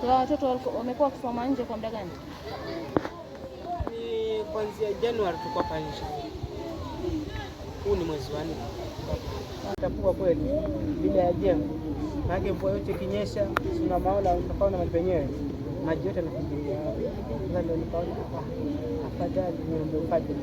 Kwa watoto wamekuwa wakisoma nje kwa muda gani? Ni kuanzia Januari tulikuwa hapa nje. Huu ni mwezi wa nne. Atakuwa kweli bila ya jengo. Maana mvua yote kinyesha, sina maola utakuwa na maji penyewe. Maji yote yanakuja. Ndio nikaona afadhali niombe ufadhili.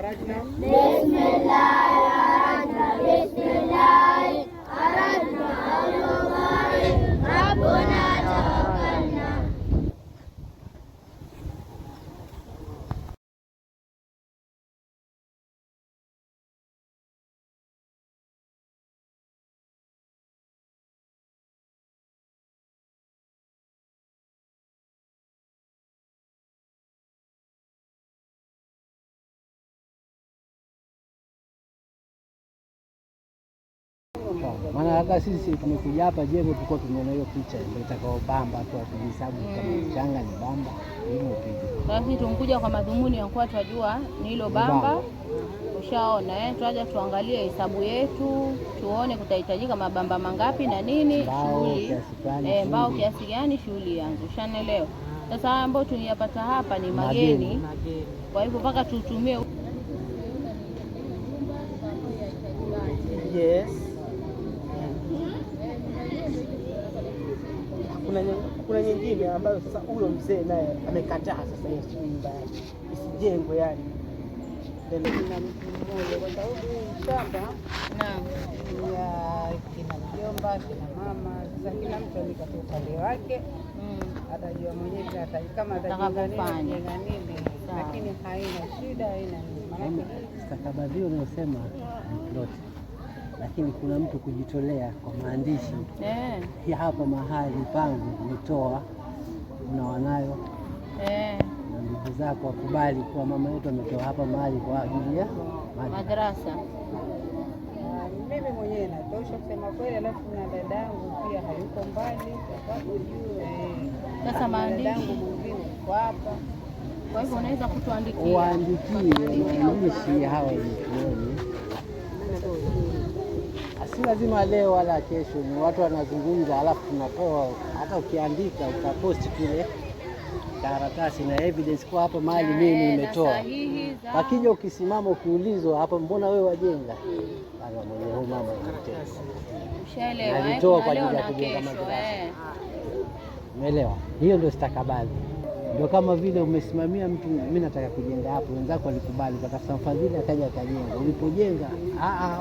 Caraca, não. maana hata sisi tumekuja hapa jengo tulikuwa tumeona hiyo picha ndio bamba tu, atujisabu kama mm. mchanga ni bamba hivyo picha. Basi tumkuja kwa madhumuni ya kuwa twajua ni hilo bamba, ushaona eh, twaja tuangalie hesabu yetu tuone kutahitajika mabamba mangapi na nini, shughuli eh, mbao kiasi gani, shughuli yangu ushanelewa. Sasa ambao tuniyapata hapa ni mageni, kwa hivyo mpaka tutumie. Yes. kuna, kuna nyingine ambayo sasa huyo mzee naye amekataa sasa hiyo nyumba yake isijengwe, yani na mtu mmoja, kwa sababu shamba ya kina mjomba, kina mama. Sasa kila mtu amekata upande wake, mm. atajua mwenyewe kama atajenga nini, lakini haina shida, haina nini, maanake yaani, stakabadhi unayosema ploti lakini kuna mtu kujitolea kwa maandishi yeah. Hapa mahali pangu nitoa una wanayo yeah. na ndugu zako wakubali kuwa mama yetu ametoa hapa mahali kwa ajili ya madrasa. Mimi mwenyewe natosha kusema kweli, alafu na dadangu pia hayuko mbali, sababu eh, sasa maandishi mwingine kwa hapa kwa hivyo unaweza kutuandikia, waandikie maandishi hawa ni si lazima leo wala kesho, ni watu wanazungumza, halafu tunatoa. Hata ukiandika ukaposti kile karatasi na evidence kwa hapo mali mimi eh, nimetoa, wakija ukisimama ukiulizwa, hapa mbona wewe wajenga bana, mwenye huyu mama nalitoa eh? kwa ajili ya kujenga madarasa. Eh. Umeelewa? Hiyo ndio stakabadhi. Ndio kama vile umesimamia mtu, mimi nataka kujenga hapo, wenzako walikubali, patafuta mfadhili akaja akajenga. Ulipojenga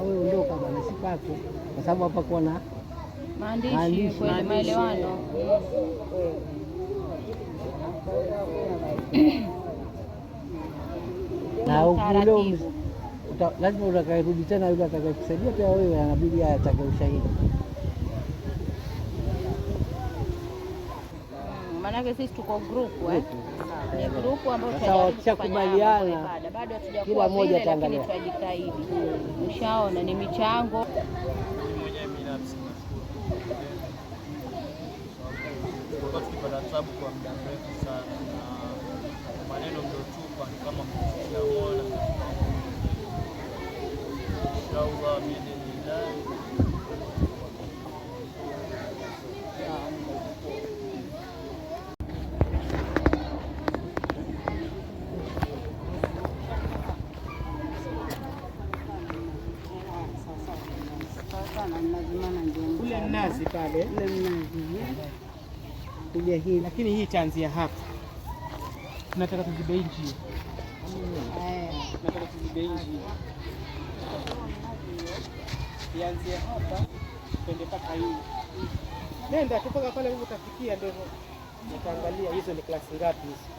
wewe ondoka bwana, si kwako, kwa sababu hapa na maandishi kwa maelewano. na ukule lazima utakaerudi tena, yule atakayekusaidia pia wewe anabidi atake ushahidi maanake sisi tuko group eh, ni group ambayo tunakubaliana, bado hatujakuwa moja Tanzania, lakini tutajitahidi. Ushaona ni michango kwa muda mrefu sana ule mnazi pale, ule mnazi hii. Lakini hii itaanzia hapa, tunataka tuzibe njia, tunataka tuzibe njia, ianzie hapa twende mpaka hii, nenda tu pale pale utafikia, ndio utaangalia hizo ni klasi ngapi hizo